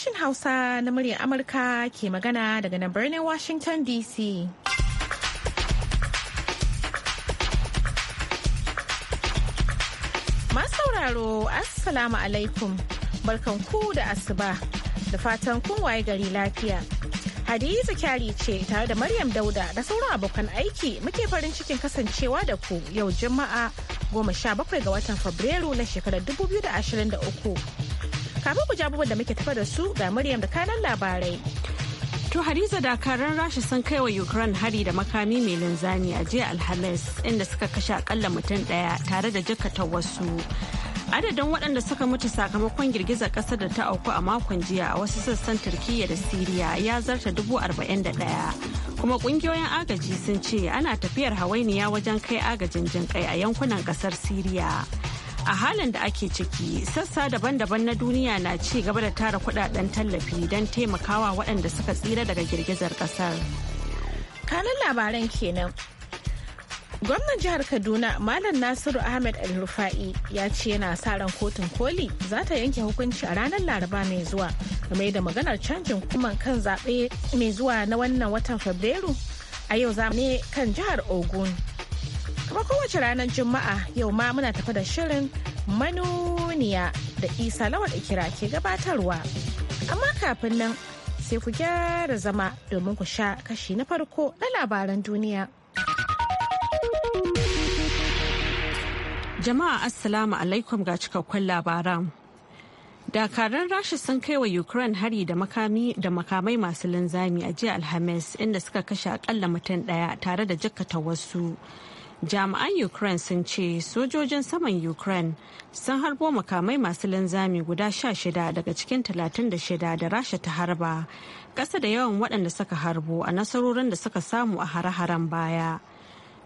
sashen Hausa na muryar Amurka ke magana daga nan birnin Washington DC. sauraro Assalamu alaikum barkan ku da asuba da fatan kun waye gari lafiya. Hadiza kyari ce tare da Maryam Dauda da sauran abokan aiki muke farin cikin kasancewa da ku yau Juma'a goma sha bakwai ga watan Fabrairu na shekarar 2023. Kafin ku jabubuwan da muke tafa da su ga Maryam da kanan labarai. To Hadiza dakaran Rasha sun kai wa Ukraine hari da makami mai linzami a jiya Alhamis inda suka kashe akalla mutum daya tare da jakkata wasu. Adadin waɗanda suka mutu sakamakon girgizar ƙasar da ta auku a makon jiya a wasu sassan Turkiyya da Siriya ya zarta dubu arba'in da ɗaya. Kuma ƙungiyoyin agaji sun ce ana tafiyar hawainiya wajen kai agajin jinƙai a yankunan ƙasar Siriya. a halin da ake ciki sassa daban-daban na duniya na ci gaba da tara kudaden tallafi don taimakawa waɗanda suka tsira daga girgizar ƙasar. kanan labaran kenan gwamnan jihar kaduna malam nasiru ahmed al-rufa'i ya ce yana sa ran kotun koli za ta yanke hukunci a ranar laraba mai zuwa game da maganar canjin kuman kan zaɓe mai zuwa na wannan watan fabrairu a yau za ne kan jihar ogun Kuma kowace ranar Juma'a yau ma muna tafi da shirin manuniya da isa lawal ikira ke gabatarwa. Amma kafin nan sai ku gyara zama domin ku sha kashi na farko na labaran duniya. Jama'a Assalamu alaikum ga cikakkun labaran. Dakaran Rasha sun kai wa Ukraine hari da makami da makamai masu linzami a jiya Alhamis inda suka kashe akalla mutum daya tare da jikkata wasu. jami'an ukraine sun ce sojojin saman ukraine sun harbo makamai masu linzami guda sha shida daga cikin talatin da shida da rasha ta harba Kasa da yawan waɗanda suka harbo a nasarorin da suka samu a hare-haren baya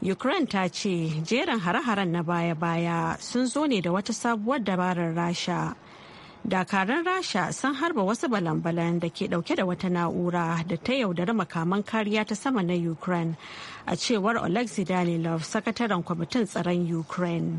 ukraine ta ce jerin hare-haren na baya-baya sun zo ne da wata sabuwar dabarar rasha dakaran rasha sun harba wasu balan-balan da ke dauke da wata na'ura da ta yaudari makaman kariya ta sama na ukraine a cewar Oleksiy Danilov, sakataren kwamitin tsaron Ukraine.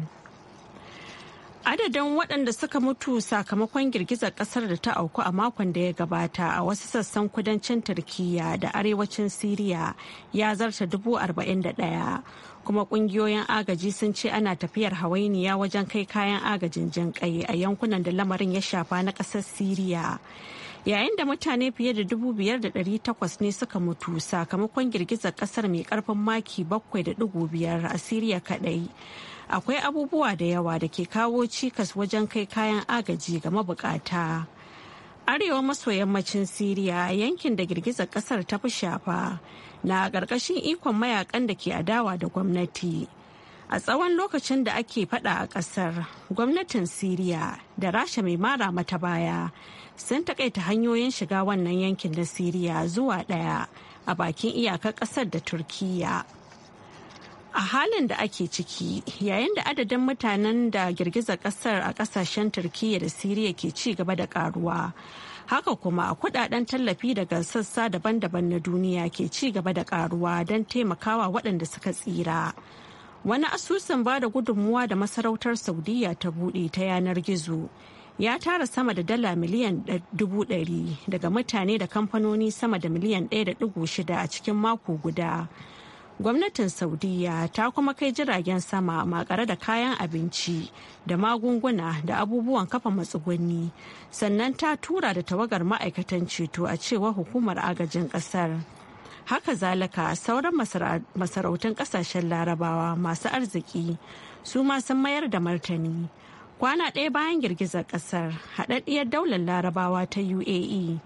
Adadin waɗanda suka mutu sakamakon girgizar ƙasar da ta auku a makon da ya gabata a wasu sassan kudancin Turkiyya da arewacin Siriya ya zarta dubu arba'in da ɗaya. Kuma ƙungiyoyin agaji sun ce ana tafiyar hawainiya wajen kai kayan agajin jinƙai a yankunan da lamarin ya shafa na ƙasar Siriya. yayin da mutane fiye da dubu biyar da takwas ne suka mutu sakamakon girgizar kasar mai karfin maki bakwai da biyar a siriya kadai akwai abubuwa da yawa da ke kawo cikas wajen kai kayan agaji ga mabukata arewa maso yammacin siriya yankin da girgizar kasar ta fi shafa na ƙarƙashin ikon mayakan da ke adawa da gwamnati a tsawon lokacin da ake fada a ƙasar gwamnatin siriya da rasha mai mara mata baya sun takaita hanyoyin shiga wannan yankin na siriya zuwa ɗaya a bakin iyakar ƙasar da turkiyya a halin da ake ciki yayin da adadin mutanen da girgizar kasar a kasashen turkiyya da siriya ke ci gaba da karuwa haka kuma kudaden tallafi daga sassa daban-daban na duniya ke ci gaba da karuwa don taimakawa waɗanda suka tsira wani asusun ba da gudunmuwa da masarautar saudiya ta buɗe ta yanar gizo ya tara sama da dala miliyan dubu ɗari daga mutane da kamfanoni sama da miliyan shida a cikin mako guda. Gwamnatin Saudiya ta kuma kai jiragen sama makare da kayan abinci da magunguna da abubuwan kafa matsugunni, sannan ta tura da tawagar ma'aikatan ceto a cewa hukumar agajin kasar. Haka zalika sauran masarautun kasashen larabawa masu arziki su ma sun mayar da martani kwana ɗaya bayan girgizar ƙasar haɗaɗɗiyar daular larabawa ta uae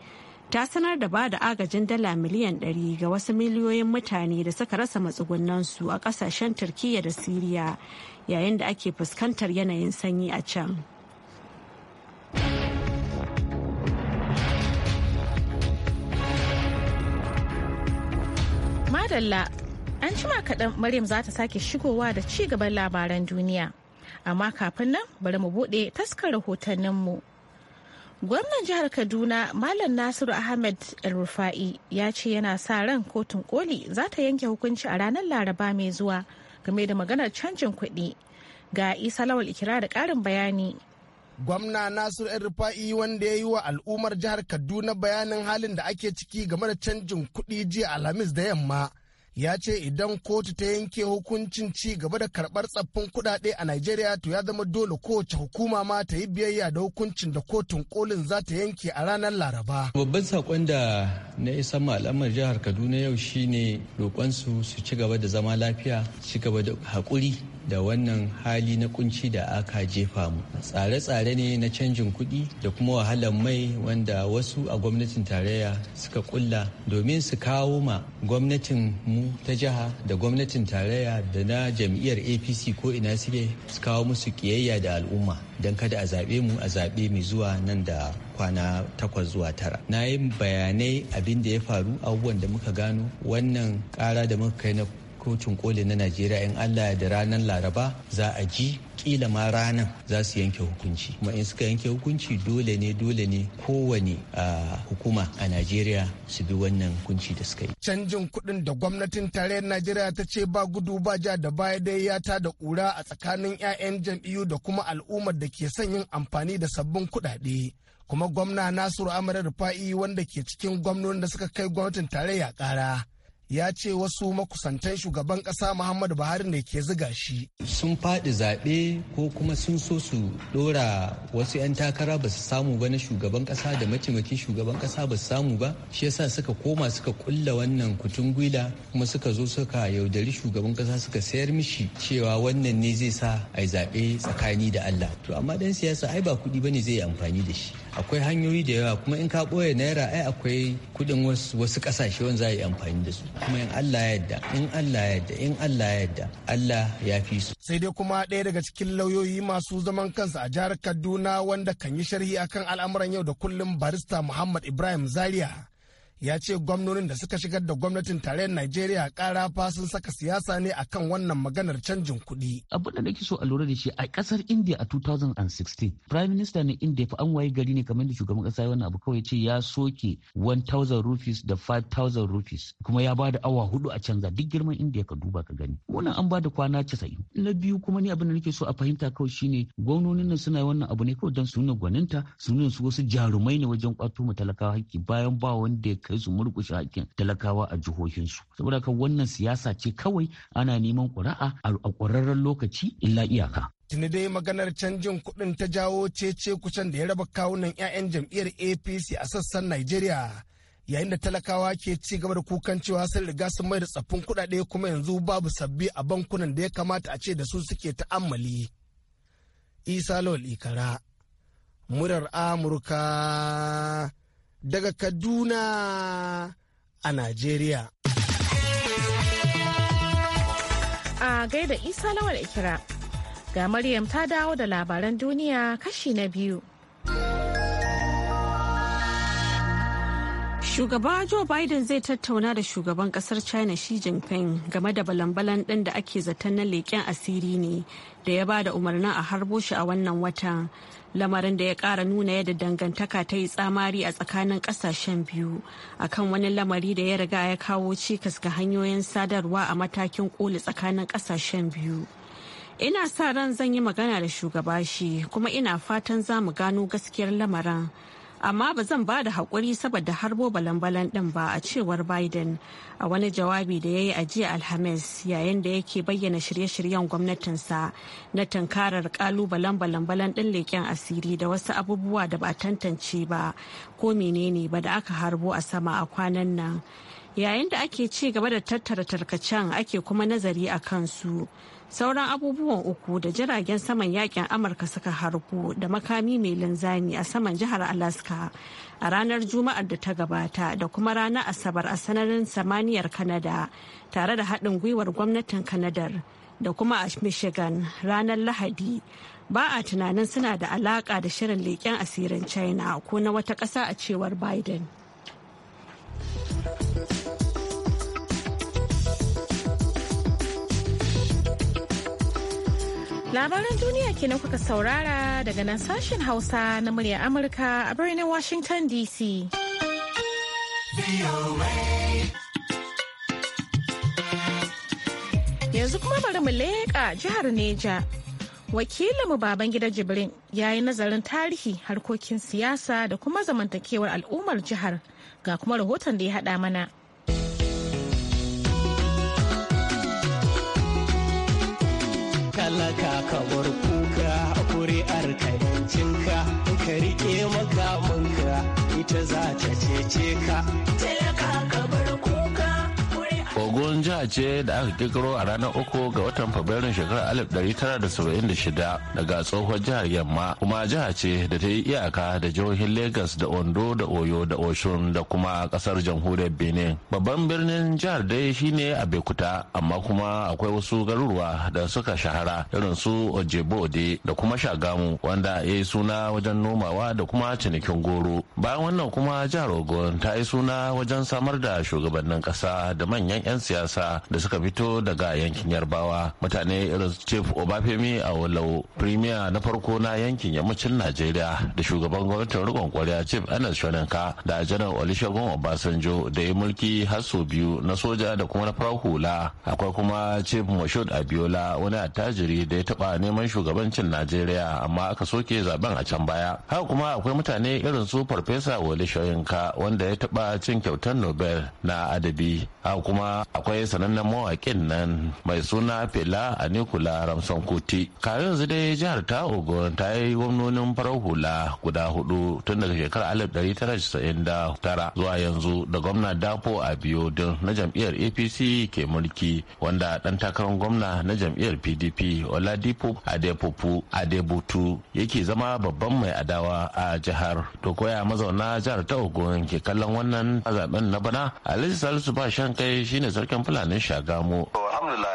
ta sanar da ba da agajin dala miliyan 100 ga wasu miliyoyin mutane da suka rasa matsugunansu a ƙasashen turkiyya da siriya yayin da ake fuskantar yanayin sanyi a can. Madalla, an cima kaɗan Maryam za ta sake shigowa da ci gaban labaran duniya. amma kafin nan bari mu buɗe taskar rahotanninmu. Gwamnan jihar Kaduna Malam Nasiru Ahmed El-Rufa'i ya ce yana sa ran kotun koli za ta yanke hukunci a ranar Laraba mai zuwa game da maganar canjin kuɗi. Ga Isa Lawal Ikira da ƙarin bayani. gwamna nasiru yan rufa'i wanda ya yi wa al'ummar jihar kaduna bayanin halin da ake ciki game da canjin kuɗi jiya alhamis da yamma ya ce idan kotu ta yanke hukuncin ci gaba da karɓar tsaffin kuɗaɗe a Najeriya to ya zama dole kowace hukuma ma ta yi biyayya da hukuncin da kotun kolin za ta yanke a ranar Laraba. Babban saƙon da na isa mal'amar jihar Kaduna yau shine roƙonsu su ci gaba da zama lafiya, ci gaba da haƙuri da wannan hali na kunci da aka jefa mu tsare-tsare ne na canjin kuɗi da kuma wahalar mai wanda wasu a gwamnatin tarayya suka kulla domin su kawo ma gwamnatin mu ta jiha da gwamnatin tarayya da na jam'iyyar apc ko ina suke su kawo musu kiyayya da al'umma don kada a zaɓe mu a zaɓe mai zuwa nan da kwana takwas zuwa tara na yi bayanai abin da ya faru abubuwan da muka gano wannan kara da muka kai na kotun koli na najeriya in allah da ranar laraba za a ji kila ma ranar za su yanke hukunci kuma in suka yanke hukunci dole ne dole ne kowane hukuma a najeriya su bi wannan hukunci da suka yi canjin kuɗin da gwamnatin tarayyar najeriya ta ce ba gudu ba ja da baya dai ya ta da ƙura a tsakanin 'ya'yan jam'iyyu da kuma al'ummar da ke son yin amfani da sabbin kuɗaɗe kuma gwamna nasiru amara rufa'i wanda ke cikin gwamnonin da suka kai gwamnatin tarayya ƙara ya ce wasu makusantan shugaban ƙasa muhammadu buhari ne ke ziga shi sun faɗi zaɓe ko kuma sun so su ɗora wasu 'yan takara ba su samu ba na shugaban ƙasa da mataimakin shugaban ƙasa ba su samu ba shi yasa suka koma suka kulla wannan kutun gwila kuma suka zo suka yaudari shugaban ƙasa suka sayar mishi cewa wannan ne zai sa a yi zaɓe tsakani da allah to amma ɗan siyasa ai ba kuɗi ba ne zai yi amfani da shi akwai hanyoyi da yawa kuma in ka ɓoye naira ai akwai kudin wasu kasashe wanda za a yi amfani da su kuma in Allah ya yarda in Allah ya yarda in Allah ya yarda Allah ya fi su. sai dai kuma ɗaya daga cikin lauyoyi masu zaman kansa a jihar Kaduna wanda kan yi sharhi akan al'amuran yau da kullum barista Muhammad Ibrahim Zaria ya ce gwamnonin da suka shigar da gwamnatin tarayyar Najeriya kara fa sun saka siyasa ne akan wannan maganar canjin kuɗi. Abin da nake so a lura da shi a kasar India a 2016 Prime Minister na India fa an waye gari ne kamar da shugaban ƙasa wannan abu kawai ce ya soke 1000 rupees da 5000 rupees kuma ya bada awa hudu a canza duk girman India ka duba ka gani. Wannan an bada kwana 90. Na biyu kuma ni abin da nake so a fahimta kawai shine gwamnonin nan suna wannan abu ne kawai don su nuna gwaninta su nuna su wasu jarumai ne wajen kwato mu talakawa hakki bayan ba wanda ya kai su murƙushe hakkin talakawa a jihohinsu saboda ka wannan siyasa ce kawai ana neman ƙuri'a a ƙwararren lokaci illa iyaka tuni dai maganar canjin kuɗin ta jawo cece kusan da ya raba kawunan 'ya'yan jam'iyyar apc a sassan nigeria yayin da talakawa ke ci gaba da kukan cewa sun riga sun mai da tsaffin kuɗaɗe kuma yanzu babu sabbi a bankunan da ya kamata a ce da su suke ta'ammali isa lawal ikara murar amurka daga Kaduna a Najeriya. A gaida Isa Lawal Ikira, ga Maryam ta dawo da labaran duniya kashi na biyu. Shugaba Joe Biden zai tattauna da shugaban kasar China Xi Jinping game da balan-balan ɗin da ake zaton na leƙen asiri ne da ya ba da umarnin a harbo shi a wannan watan. Lamarin da ya ƙara nuna yadda dangantaka ta yi tsamari a tsakanin ƙasashen biyu akan wani lamari da ya riga ya kawo cikas ga hanyoyin sadarwa a matakin koli tsakanin ƙasashen biyu. Ina sa ran zan yi magana da shugaba shi kuma ina fatan za mu gano gaskiyar lamarin. amma ba zan ba da haƙuri saboda harbo balan-balan ɗin ba a cewar biden a wani jawabi da ya yi a jiya alhamis yayin da yake bayyana shirye-shiryen gwamnatinsa na tunkarar ƙalubalen balan-balan ɗin leƙen asiri da wasu abubuwa da ba tantance ba ko menene ba da aka harbo a sama a kwanan nan yayin da ake ci gaba da tattara tarkacen ake kuma nazari a kansu. su sauran abubuwan uku da jiragen saman yakin amurka suka harbu da makami mai linzami a saman jihar alaska a ranar juma'ar da ta gabata da kuma ranar asabar a sanarin samaniyar kanada tare da haɗin gwiwar gwamnatin kanadar da kuma a michigan ranar lahadi ba a tunanin suna da alaƙa da shirin leƙen asirin china ko na wata ƙasa a cewar biden Labaran duniya kenan kuka saurara daga nan sashen Hausa na murya Amurka a birnin Washington DC. Yanzu kuma bari mu leƙa jihar Neja. Wakilinmu baban gida Jibrin ya yi nazarin tarihi harkokin siyasa da kuma zamantakewar al'ummar jihar ga kuma rahoton da ya haɗa mana. talaka ka bar kuka kuri'ar ka cinka ka rike makamanka ita za ta cece ka talaka ka bar jiha ce da aka kirkiro a ranar uku ga watan fabrairun shekarar 1976 daga tsohon jihar yamma kuma jiha ce da ta yi iyaka da jihohin lagos da ondo da oyo da oshun da kuma kasar jamhuriyar benin babban birnin jihar dai shine abekuta amma kuma akwai wasu garuruwa da suka shahara irin su ojebode da kuma shagamu wanda ya yi suna wajen nomawa da kuma cinikin goro bayan wannan kuma jihar ogun ta yi suna wajen samar da shugabannin kasa da manyan 'yan siyasa matasa da suka fito daga yankin yarbawa mutane irin chief obafemi a walau premier na farko na yankin yammacin najeriya da shugaban gwamnatin rikon kwarya chief anas shoninka da janar olusegun obasanjo da ya mulki har sau biyu na soja da kuma na farar hula akwai kuma chief moshood abiola wani attajiri da ya taba neman shugabancin najeriya amma aka soke zaben a can baya haka kuma akwai mutane irin su farfesa wale shoyinka wanda ya taba cin kyautar nobel na adabi haka kuma akwai marigayi sanannen mawakin nan mai suna fela a nikula ramson kuti kayan su dai jihar ta ogun ta yi gwamnonin farar hula guda hudu tun daga shekarar 1999 zuwa yanzu da gwamna dapo a biyu na jam'iyyar apc ke mulki wanda dan takarar gwamna na jam'iyyar pdp oladipo adepopu adebutu yake zama babban mai adawa a jihar to koya mazauna jihar ta ogun ke kallon wannan zaben na bana alisa salisu ba shan kai shine sarkin fulanin shagamu alhamdulillah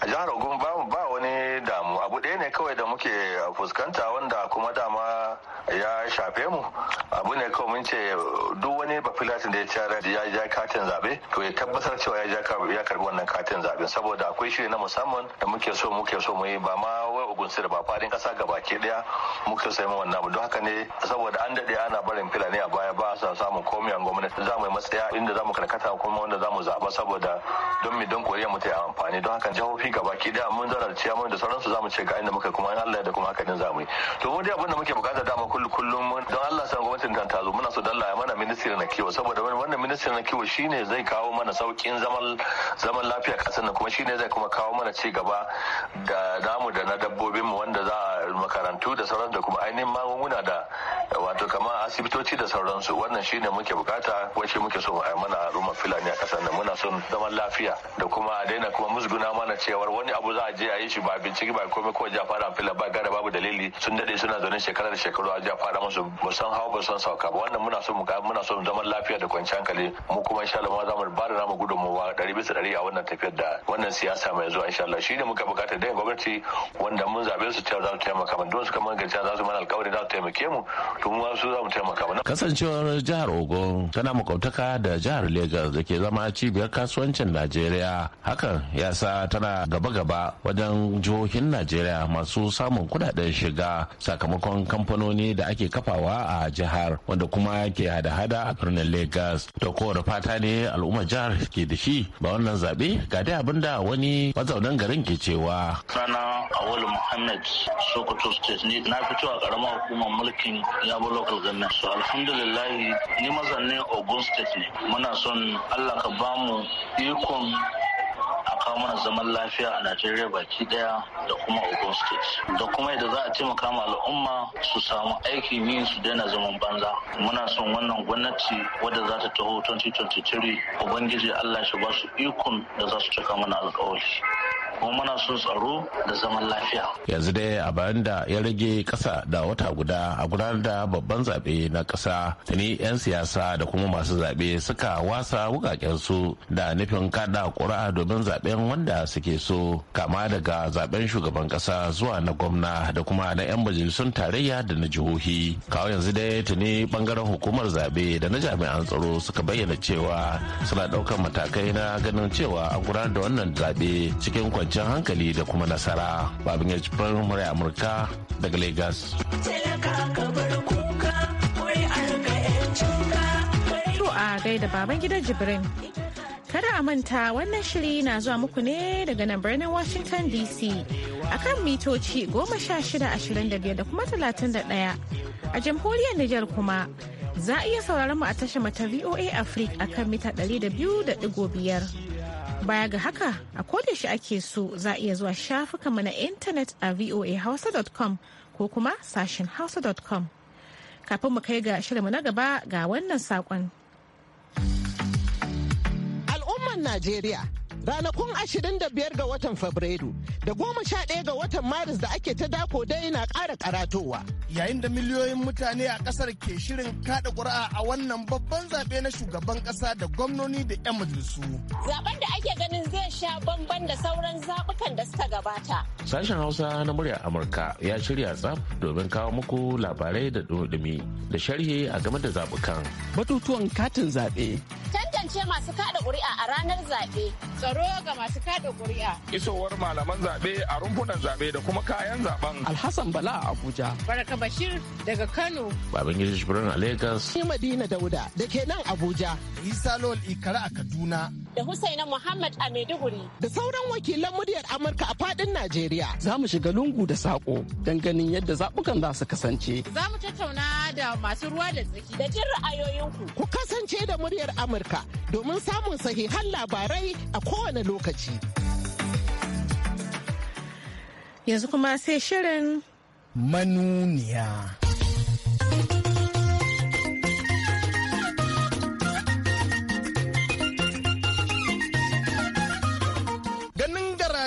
a jihar ogun ba wani damu abu ɗaya ne kawai da muke fuskanta wanda kuma dama ya shafe mu abu ne kawai mun ce duk wani bafilatin da ya cara ya ja katin zabe to ya tabbatar cewa ya karbi wannan katin zabe saboda akwai shiri na musamman da muke so muke so mu yi ba ma bugun da ba ƙasa kasa gabaki ɗaya muka sai mu wannan don haka ne saboda an dade ana barin filani a baya ba sa samun komai an gwamnati za mu yi matsaya inda za mu karkata kuma wanda za mu zaɓa saboda don mi don koriya mu ta yi amfani don haka jihohi gabaki ɗaya mun zarar mu da sauransu za mu ce ga inda muka kuma Allah da kuma haka din za mu yi to mu dai abinda muke bukata dama kullum don Allah san gwamnatin ta tazo muna so dalla mana ministry na kiwo saboda wannan ministry na kiwo shine zai kawo mana saukin zaman zaman lafiya kasar nan kuma shine zai kuma kawo mana ci gaba da namu da na dabbobi dabbobinmu wanda za a makarantu da sauran da kuma ainihin magunguna da wato kamar asibitoci da sauransu wannan shine muke bukata ko muke so a mana ruma filani a kasar nan muna son zaman lafiya da kuma a daina kuma musguna mana cewar wani abu za a je a yi shi ba bincike ba komai ko ja fara fila ba gara babu dalili sun dade suna zaune shekarar shekaru a ja fara musu ba san hawa ba san sauka ba wannan muna so mu muna so zaman lafiya da kwanciyar hankali mu kuma insha Allah za mu ba da namu gudunmuwa ɗari bisa ɗari a wannan tafiyar da wannan siyasa mai zuwa insha Allah shine muka bukata da gwamnati wanda mun zabe su cewa za su taimaka makamantan su kamar gajiya za su mana alkawari za su taimake mu to mu su za mu taimaka mana. kasancewar jihar ogun tana makwabtaka da jihar Legas da ke zama cibiyar kasuwancin najeriya hakan ya sa tana gaba-gaba wajen jihohin najeriya masu samun kudaden shiga sakamakon kamfanoni da ake kafawa a jihar wanda kuma ke hada-hada a birnin Legas. da kowane fata ne al'ummar jihar ke da shi ba wannan zaɓe ga dai abin da wani mazaunan garin ke cewa. sana awal muhammad sokoto plateau state ni na fito a karamar hukumar mulkin yabo local government so alhamdulillah ni mazannin ogun state ne muna son allah ka bamu ikon a kawo mana zaman lafiya a Najeriya baki daya da kuma Ogun State. Da kuma yadda za a taimaka ma al'umma su samu aiki yi su daina zaman banza. Muna son wannan gwamnati wadda za ta taho 2023 Ubangiji Allah shi ba su ikon da za su cika mana alkawari. kuma muna son tsaro da zaman lafiya yanzu dai a bayan da ya rage kasa da wata guda a gudanar da babban zaɓe na kasa tuni 'yan siyasa da kuma masu zaɓe suka wasa wukakensu da nufin kada ƙuri'a domin zaɓen wanda suke so kama daga zaɓen shugaban ƙasa zuwa na gwamna da kuma na 'yan majalisun tarayya da na jihohi kawo yanzu dai tuni bangaren hukumar zaɓe da na jami'an tsaro suka bayyana cewa suna ɗaukar matakai na ganin cewa a gudanar da wannan zaɓe cikin kwanciyar hankali da kuma nasara babin ya murai amurka daga lagos to a gaida baban gidan jibrin kada a manta wannan shiri na zuwa muku ne daga nan birnin washington dc akan mitoci 1625 da kuma 31 a jamhuriyar nijar kuma za a iya sauraron mu a tashar mata voa africa akan mita 200.5 Baya ga haka a shi ake so za a iya zuwa mu na intanet a voahausa.com ko kuma sashen hausa.com. Kafin mu kai ga shirinmu na gaba ga wannan saƙon. Al'umman Najeriya ranakun 25 ga watan fabrairu da goma sha 11 ga watan maris da ake ta dako dai na ƙara karatowa yayin da miliyoyin mutane a ƙasar ke shirin kaɗa ƙuri'a a wannan babban zaɓe na shugaban ƙasa da gwamnoni da 'yan majalisu zaben da ake ganin zai sha bamban da sauran zaɓukan da suka gabata sashen hausa na murya amurka ya shirya tsaf domin kawo muku labarai da dumi da sharhi a game da zaɓukan batutuwan katin zaɓe tantance masu kaɗa ƙuri'a a ranar zaɓe tsaro tsaro ga masu kada kuri'a. Isowar malaman zaɓe a rumfunan zaɓe da kuma kayan zaɓen. Alhassan Bala a Abuja. Baraka Bashir daga Kano. Babangida Jibrin a Lagos. Ni Madina Dauda da ke nan Abuja. Isa Lol Ikara a Kaduna. da Husaina Muhammad a Maiduguri. Da sauran wakilan muryar Amurka a fadin Najeriya. Za mu shiga lungu da saƙo don ganin yadda zaɓukan za su kasance. Za mu tattauna da masu ruwa da tsaki da jin ra'ayoyinku. Ku kasance da muryar Amurka domin samun sahihan labarai a kowane lokaci. Yanzu kuma sai shirin manuniya.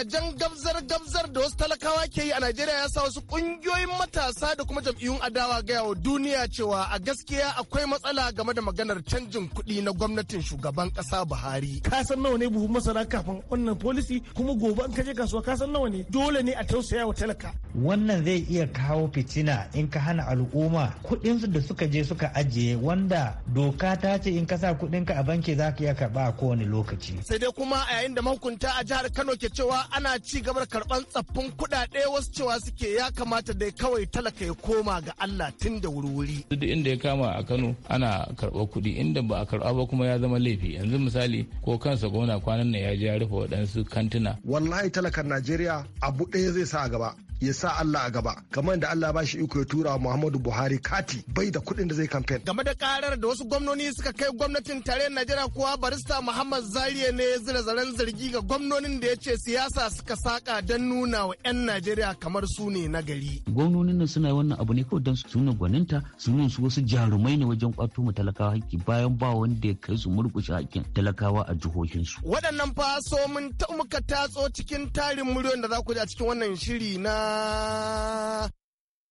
jan gabzar gabzar da wasu talakawa ke yi a Najeriya ya sa wasu kungiyoyin matasa da kuma jam'iyyun adawa gaya wa duniya cewa a gaskiya akwai matsala game da maganar canjin kuɗi na gwamnatin shugaban kasa Buhari. Ka san nawa ne buhun masana kafin wannan polisi kuma gobe an ka je kasuwa ka san nawa ne dole ne a tausaya wa talaka. Wannan zai iya kawo fitina in ka hana al'umma kuɗinsu da suka je suka ajiye wanda doka ta ce in ka sa kuɗinka a banki za ka iya karɓa a kowane lokaci. Sai dai kuma a yayin da mahukunta a jihar Kano ke cewa ana ci gabar karban tsaffin kuɗaɗe wasu cewa suke ya kamata dai kawai talaka ya koma ga Allah tun da wuri-wuri. Duk inda ya kama a Kano ana karɓar kuɗi inda ba a karɓa ba kuma ya zama laifi yanzu misali ko kansa gona kwanan nan ya je ya rufe waɗansu kantuna. Wallahi talakan Najeriya abu ɗaya zai sa gaba ya sa Allah a gaba kamar da Allah ba shi iko ya tura Muhammadu Buhari kati bai da kuɗin da zai kamfen. Game da karar da wasu gwamnoni suka kai gwamnatin tare Najeriya kuwa barista Muhammad Zariya ne ya zira zaren zargi ga gwamnonin da ya ce siyasa suka saka don nuna wa 'yan Najeriya kamar su ne na gari. Gwamnonin nan suna wannan abu ne kawai don su nuna gwaninta su nuna su wasu jarumai ne wajen kwato mu talakawa haƙƙi bayan ba wanda ya kai su murƙushe haƙƙin talakawa a jihohinsu. Waɗannan fa so mun muka tatso cikin tarin muryoyin da za ku ji a cikin wannan shiri na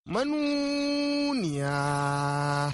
manuniya.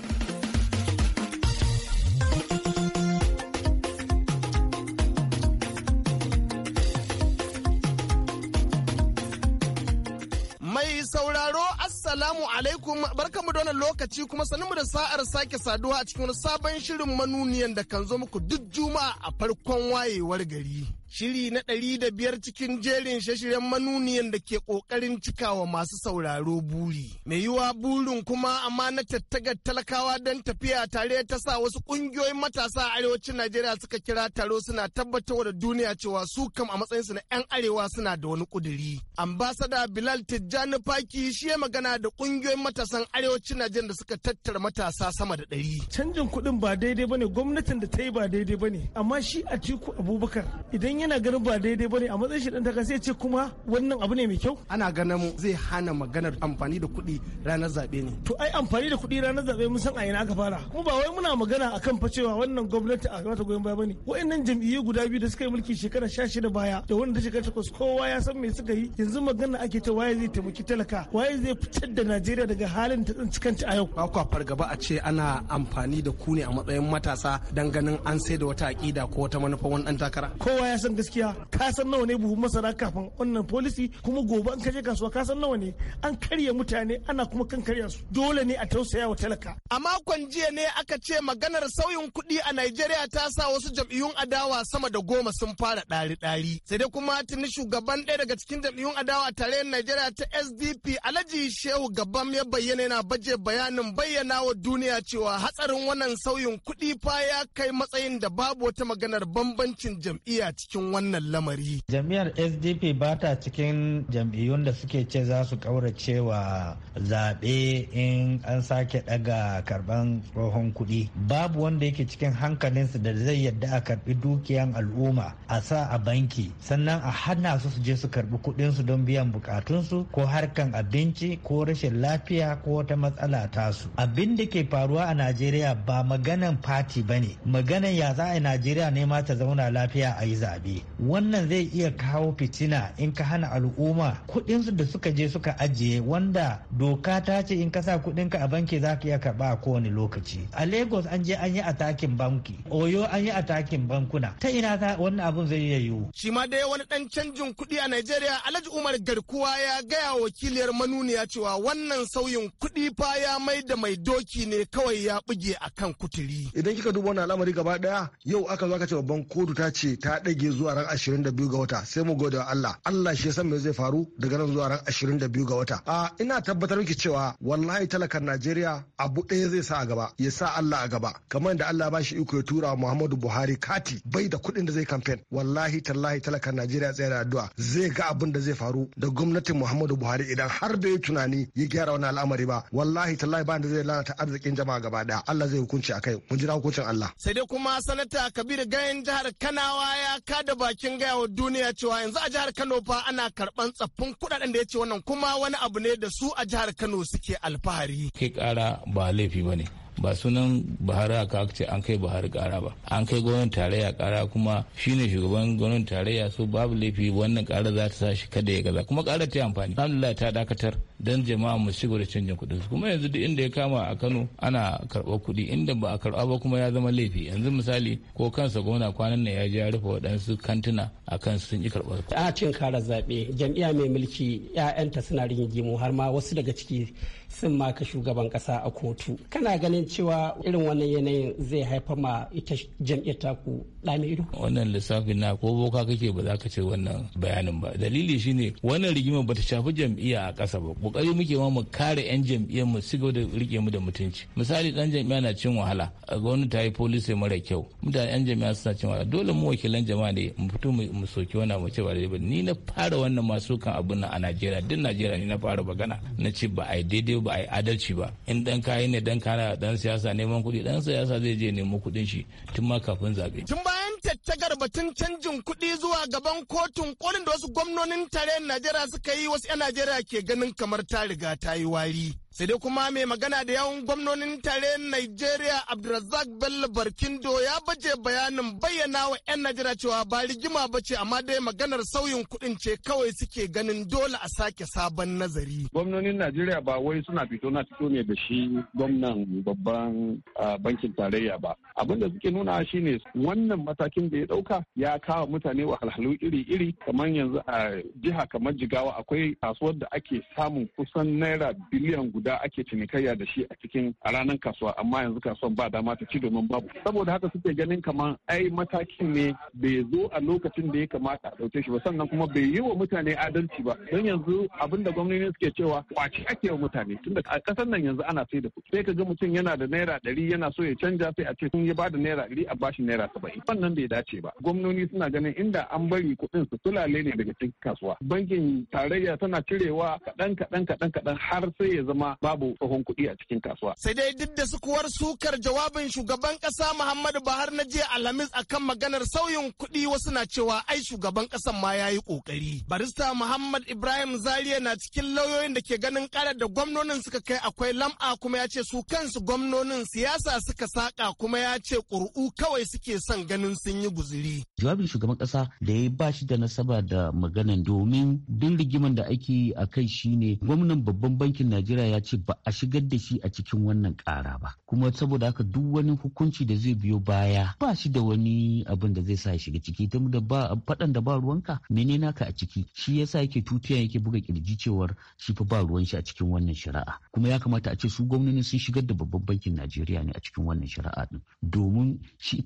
Mai sauraro Assalamu alaikum barkamu da wannan lokaci kuma sanin da sa'ar sake saduwa a cikin wani sabon shirin manuniyan da kan zo muku duk juma'a a farkon wayewar gari. shiri na ɗari da biyar cikin jerin shashiren manuniyan da ke ƙoƙarin cikawa masu sauraro buri. Mai yiwa burin kuma amma na tattagar talakawa don tafiya tare ta sa wasu ƙungiyoyin matasa a arewacin Najeriya suka kira taro suna tabbatarwa da duniya cewa su kam a matsayinsu na 'yan arewa suna da wani ƙuduri. Ambasada Bilal Tijjani Faki shi ya magana da ƙungiyoyin matasan arewacin Najeriya da suka tattara matasa sama da ɗari. Canjin kuɗin ba daidai bane gwamnatin da ta yi ba daidai bane amma shi a tiku Abubakar idan yana ganin ba daidai bane a matsayin shi dan taka sai ce kuma wannan abu ne mai kyau ana ganin zai hana maganar amfani da kuɗi ranar zaɓe ne to ai amfani da kuɗi ranar zaɓe mun san a ina aka fara kuma ba wai muna magana akan fa cewa wannan gwamnati a mata goyon baya bane wa'annan jam'iyyu guda biyu da suka yi mulki shekara 16 baya da wanda ta shekara takwas kowa ya san me suka yi yanzu magana ake ta waye zai taimaki talaka waye zai fitar da Najeriya daga halin ta tsinci ta a yau ba ku fargaba a ce ana amfani da ku ne a matsayin matasa dan ganin an sai da wata aƙida ko wata manufa wani dan takara kowa ya san san gaskiya ka san nawa ne buhu masara kafin wannan policy kuma gobe an kaje kasuwa ka san nawa ne an karya mutane ana kuma kan karya su dole ne a tausaya wa talaka a makon jiya ne aka ce maganar sauyin kuɗi a Najeriya ta sa wasu jam'iyyun adawa sama da goma sun fara ɗari ɗari sai dai kuma tuni shugaban ɗaya daga cikin jam'iyyun adawa tarayyar Najeriya ta SDP Alhaji Shehu Gabam ya bayyana yana baje bayanin bayyana wa duniya cewa hatsarin wannan sauyin kuɗi fa ya kai matsayin da babu wata maganar bambancin jam'iyya cikin cikin wannan lamari. Jami'ar SDP ba ta cikin jam'iyyun da suke ce za su ƙaurace wa zaɓe in an sake ɗaga karban tsohon kuɗi. Babu wanda yake cikin hankalinsu da zai yadda a karɓi dukiyan al'umma a sa a banki sannan a hana su su je su karɓi kuɗinsu don biyan bukatunsu ko harkan abinci ko rashin lafiya ko wata matsala tasu. Abin da ke faruwa a Najeriya ba maganan fati ba ne maganan ya za a Najeriya ne ma ta zauna lafiya a yi zaɓe. zaɓe wannan zai iya kawo fitina in ka hana al'umma kuɗinsu da suka je suka ajiye wanda doka ta ce in ka sa ka a banki za ka iya karɓa a kowane lokaci a lagos an je an yi atakin banki oyo an yi atakin bankuna ta ina ta wannan abun zai iya yiwu. shi ma dai wani ɗan canjin kuɗi a nigeria alhaji umar garkuwa ya gaya wa wakiliyar manuniya cewa wannan sauyin kuɗi fa ya mai da mai doki ne kawai ya buge akan kuturi. idan kika duba wannan al'amari gaba ɗaya yau aka zo aka ce babban kotu ta ce ta ɗage zuwa ran 22 ga wata sai mu gode wa Allah Allah shi ya san me zai faru daga nan zuwa ran 22 ga wata a ina tabbatar miki cewa wallahi talakan Najeriya abu ɗaya zai sa a gaba ya sa Allah a gaba kamar da Allah ba shi iko ya tura Muhammadu Buhari kati bai da kuɗin da zai kamfen wallahi tallahi talakan Najeriya tsaya da addu'a zai ga abin da zai faru da gwamnatin Muhammadu Buhari idan har bai tunani ya gyara wani al'amari ba wallahi tallahi ba da zai lalata arzikin jama'a gaba daya Allah zai hukunci akai mun jira hukuncin Allah sai dai kuma sanata Kabir Gayin jihar Kanawa ya kada da bakin gaya wa duniya cewa yanzu a jihar Kano fa ana karban tsaffin kudaden da ya ce wannan kuma wani abu ne da su a jihar Kano suke alfahari. Kai ƙara ba laifi ba ne. ba sunan buhari aka ce an kai buhari kara ba an kai gwamnatin tarayya kara kuma shine shugaban gwamnatin tarayya so babu laifi wannan kara za ta sa shi kada ya gaza kuma kara ta amfani alhamdulillah ta dakatar don jama'a mu shigo da canjin kuɗin kuma yanzu duk inda ya kama a kano ana karɓar kuɗi inda ba a karɓa ba kuma ya zama laifi yanzu misali ko kansa gwamna kwanan nan ya ji ya rufe waɗansu kantuna a kan sun yi karɓar kuɗi. a cin kara zaɓe jam'iyya mai mulki 'ya'yanta suna rigingimu har ma wasu daga ciki sun ka shugaban ƙasa a kotu kana ganin cewa irin wannan yanayin zai haifar ma ita jam'iyyar taku ɗami ido wannan lissafin na ko boka kake ba za ka ce wannan bayanin ba dalili shine wannan rigimar bata shafi jam'iyya a ƙasa ba kokari muke ma mu kare yan jam'iyyar mu sigo da rike mu da mutunci misali dan jam'iyya na cin wahala a gwamnati ta yi policy mara kyau mutane yan jam'iyya suna cin wahala dole mu wakilan jama'a ne mu fito mu soki wannan mu ce ba daidai ba ni na fara wannan masu kan abun nan a Najeriya duk Najeriya ni na fara magana na ce ba a yi daidai ba a adalci ba in dan kayi ne dan kana dan siyasa neman kuɗi dan siyasa zai je nemo kuɗin shi tun ma kafin zabe Tun bayan tattagar batun canjin kuɗi zuwa gaban kotun kolin da wasu gwamnonin tarayyar Najeriya suka yi wasu 'yan Najeriya ke ganin kamar kamar ta riga ta yi wari sai dai kuma mai magana da yawan gwamnonin tare nigeria Abdulrazak Bello Barkindo ya baje bayanin bayyana wa 'yan Najeriya cewa ba rigima ba ce amma dai maganar sauyin kuɗin ce kawai suke ganin dole a sake sabon nazari. Gwamnonin Najeriya ba wai suna fito na fito ne da shi gwamnan babban bankin tarayya ba. Abin da suke nuna shine wannan matakin da ya ɗauka ya kawo mutane wahalhalu iri-iri kamar yanzu a jiha kamar Jigawa akwai kasuwar da ake samun kusan naira biliyan guda da ake cinikayya da shi a cikin a ranar kasuwa amma yanzu kasuwan ba dama ta ci domin babu saboda haka suke ganin kamar ai matakin ne bai zo a lokacin da ya kamata a ɗauke shi ba sannan kuma bai yi wa mutane adalci ba don yanzu abin da gwamnati suke cewa kwaci ake wa mutane tunda a ƙasar nan yanzu ana sai da kuɗi sai ka ga mutum yana da naira ɗari yana so ya canja sai a ce sun ya ba da naira ɗari a bashi naira saba'in wannan bai dace ba gwamnoni suna ganin inda an bari kuɗin su tulale ne daga cikin kasuwa bankin tarayya tana cirewa kaɗan kaɗan kaɗan kaɗan har sai ya zama kuma babu tsohon kuɗi a cikin kasuwa. Sai dai duk da sukuwar sukar jawabin shugaban ƙasa Muhammadu Buhari na jiya Alhamis akan maganar sauyin kuɗi wasu na cewa ai shugaban ƙasan ma ya yi ƙoƙari. Barista Muhammad Ibrahim Zariya na cikin lauyoyin da ke ganin ƙarar da gwamnonin suka kai akwai lam'a kuma ya ce su kansu gwamnonin siyasa suka saƙa kuma ya ce ƙuri'u kawai suke son ganin sun yi guziri. Jawabin shugaban ƙasa da ya ba shi da nasaba da maganan domin bin rigiman da ake a kai ne. gwamnan babban bankin Najeriya ya ya ce ba a shigar da shi a cikin wannan kara ba kuma saboda haka duk wani hukunci da zai biyo baya ba shi da wani abin da zai sa ya shiga ciki ta da ba faɗan da ba ruwanka mene naka a ciki shi yasa yake tutiya yake buga kirji cewar shi fa ba ruwan shi a cikin wannan shari'a kuma ya kamata a ce su gwamnati sun shigar da babban bankin Najeriya ne a cikin wannan shari'a din domin shi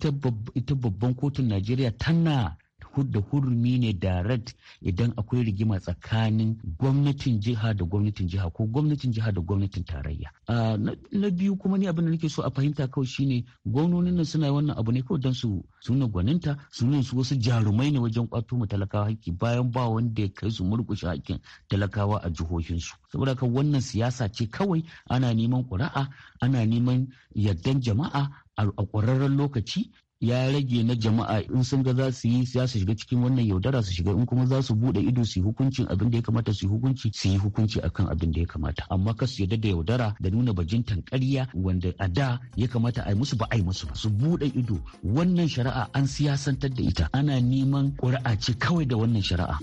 ita babban kotun Najeriya tana hudda hurumi ne direct idan akwai rigima tsakanin gwamnatin jiha da gwamnatin jiha ko gwamnatin jiha da gwamnatin tarayya na biyu kuma ni abin da nake so a fahimta kawai shine gwamnonin nan suna wannan abu ne kawai don su suna gwaninta suna su wasu jarumai ne wajen kwato mu talakawa haƙƙi bayan ba wanda ya kai su murƙushe haƙƙin talakawa a jihohinsu saboda haka wannan siyasa ce kawai ana neman ƙuri'a ana neman yardan jama'a a ƙwararren lokaci ya rage na jama'a in sun ga za su yi ya su shiga cikin wannan yaudara su shiga in kuma za su bude ido su yi hukuncin abin da ya kamata su yi hukunci su yi hukunci akan abin da ya kamata amma ka su yadda da yaudara da nuna bajintan ƙarya wanda a da ya kamata a yi musu ba a yi musu ba su bude ido wannan shari'a an siyasantar da ita ana neman ƙuri'a ce kawai da wannan shari'a.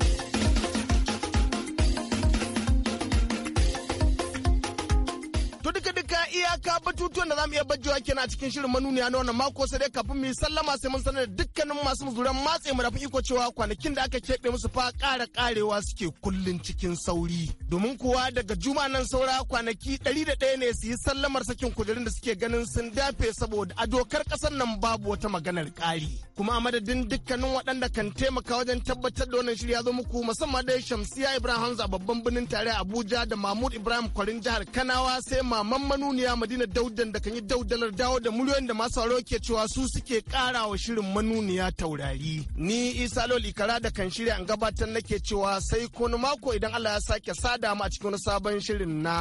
mu bajjowa kenan a cikin shirin manuniya na wannan mako sai dai kafin mu yi sallama sai mun sanar da dukkanin masu zuran matse mu da iko cewa kwanakin da aka keɓe musu fa ƙara ƙarewa suke kullun cikin sauri. Domin kuwa daga juma nan saura kwanaki ɗari da ɗaya ne su yi sallamar sakin kujerun da suke ganin sun dafe saboda a dokar ƙasar nan babu wata maganar ƙari. Kuma a madadin dukkanin waɗanda kan taimaka wajen tabbatar da wannan shirya zo muku musamman dai Shamsiya Ibrahim Hamza babban birnin tare Abuja da Mahmud Ibrahim Kwarin jihar Kanawa sai maman manuniya Madina Daudan da kan yi daudalar dawo da miliyoyin da masu sauraro ke cewa su suke kara wa shirin manuniya taurari. Ni Isa Lol Ikara da kan shirya an gabatar nake cewa sai kun mako idan Allah ya sake sada mu a cikin sabon shirin na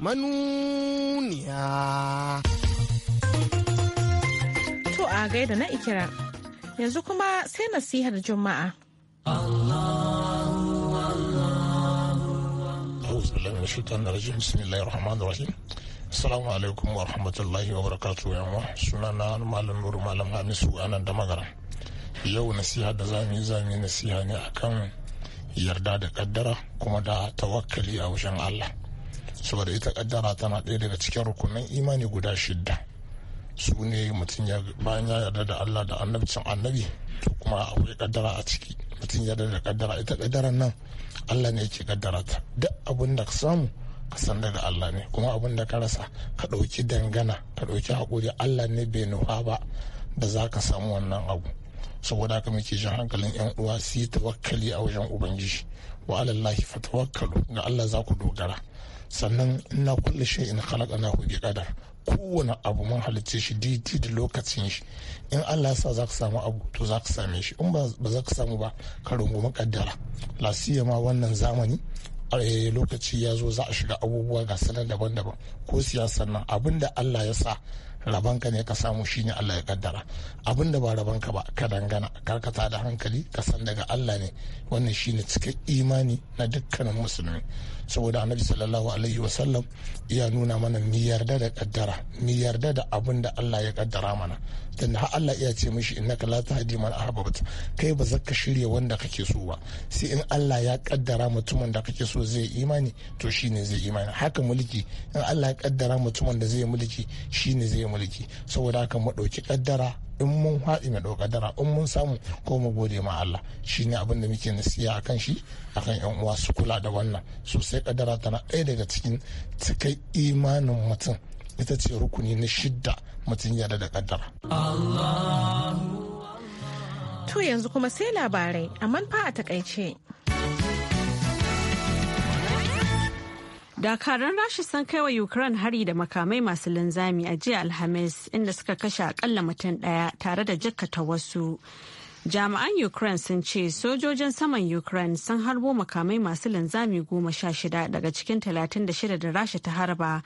manuniya. To a gaida na ikira. Yanzu kuma sai nasihar Juma'a. Allah. Allah. Allah. Allah. Allah. Allah. Allah. Allah. Allah. Allah. Assalamu alaikum wa rahmatullahi wa barakatu yamma suna na malam nuru malam hamisu nan da magara. Yau nasiha da zami zami nasiha ne akan yarda da kaddara kuma da tawakkali a wajen Allah. Saboda ita kaddara tana ɗaya daga cikin rukunin imani guda shidda. Su ne mutum ya bayan ya yarda da Allah da annabcin annabi to kuma akwai kaddara a ciki. Mutum ya yarda da kaddara ita kaddara nan Allah ne yake kaddara ta. Duk abin da ka samu ka sanar da Allah ne kuma abin da ka rasa ka ɗauki dangana ka ɗauki haƙuri Allah ne bai nufa ba da za ka samu wannan abu saboda haka muke jin hankalin yan uwa su yi tawakkali a wajen ubangiji wa alallahi tawakkalu ga Allah za ku dogara sannan ina kulle shi in khalaqa na bi kadar kowane abu mun halicce shi didi da lokacin shi in Allah ya sa za ka samu abu to za ka same shi in ba za ka samu ba ka rungumi kaddara lasiya ma wannan zamani Eh, lokaci ya zo za a shiga abubuwa ga sanar daban-daban ko siyasar nan abin da allah ya sa rabanka ne ka samu shine allah ya kaddara abin da ba rabanka ba ka dangana karkata da hankali ka san daga allah ne wannan shine cikin imani na dukkanin musulmi saboda annabi sallallahu alaihi wasallam ya nuna mana mi yarda da kaddara mi yarda da abin da allah ya kaddara mana da har Allah iya ce mishi innaka la tahdi man ahbabta kai ba ka shirya wanda kake so ba sai in Allah ya kaddara mutumin da kake so zai imani to shine zai imani haka mulki in Allah ya kaddara mutumin da zai mulki shine zai mulki saboda haka mu dauki kaddara in mun haɗi mai ɗaukadara in mun samu ko mu gode ma Allah shi ne abin da muke nasiya a kan shi a kan yan uwa su kula da wannan sosai kadara tana ɗaya daga cikin cikai imanin mutum ita ce rukuni na shidda mutum ya da kaddara. To yanzu kuma sai labarai a fa a takaice. Dakaran rashi sun kai wa Ukraine hari da makamai masu linzami a jiya Alhamis inda suka kashe akalla mutum ɗaya tare da jikkata wasu. jami'an ukraine sun ce sojojin saman ukraine sun harbo makamai masu linzami goma sha shida daga cikin talatin da shida da rasha ta harba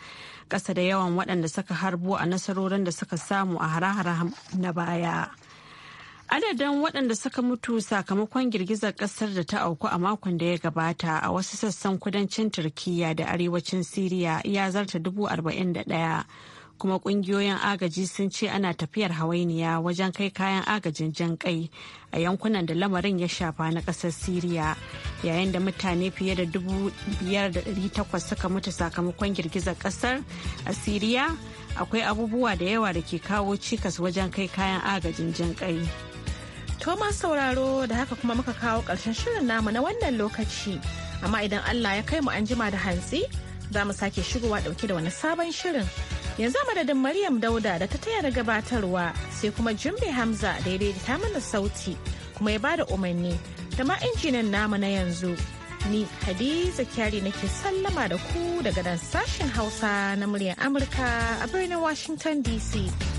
kasa da yawan waɗanda suka harbo a nasarorin da suka samu a harahara na baya adadin waɗanda suka mutu sakamakon girgizar ƙasar da ta auku a makon da ya gabata a wasu sassan kudancin Turkiyya da arewacin siriya ya zarta dubu arba'in da ɗaya kuma kungiyoyin agaji sun ce ana tafiyar hawainiya wajen kai kayan agajin jan kai a yankunan da lamarin ya shafa na kasar siriya yayin da mutane fiye da 5,800 suka mutu sakamakon girgizar kasar a siriya akwai abubuwa da yawa da ke kawo cikas wajen kai kayan agajin jan kai thomas sauraro da haka kuma muka kawo ƙarshen shirin namu na wannan lokaci amma idan allah ya kai mu an jima da hantsi za mu sake shigowa ɗauke da wani sabon shirin yanzu madadin maryam dauda da ta taya da gabatarwa sai kuma jimbe hamza da ta mana sauti kuma ya bada umarni da ma injinan nama na yanzu ni hadiza kyari nake sallama da ku daga dan sashen hausa na muryar amurka a birnin washington dc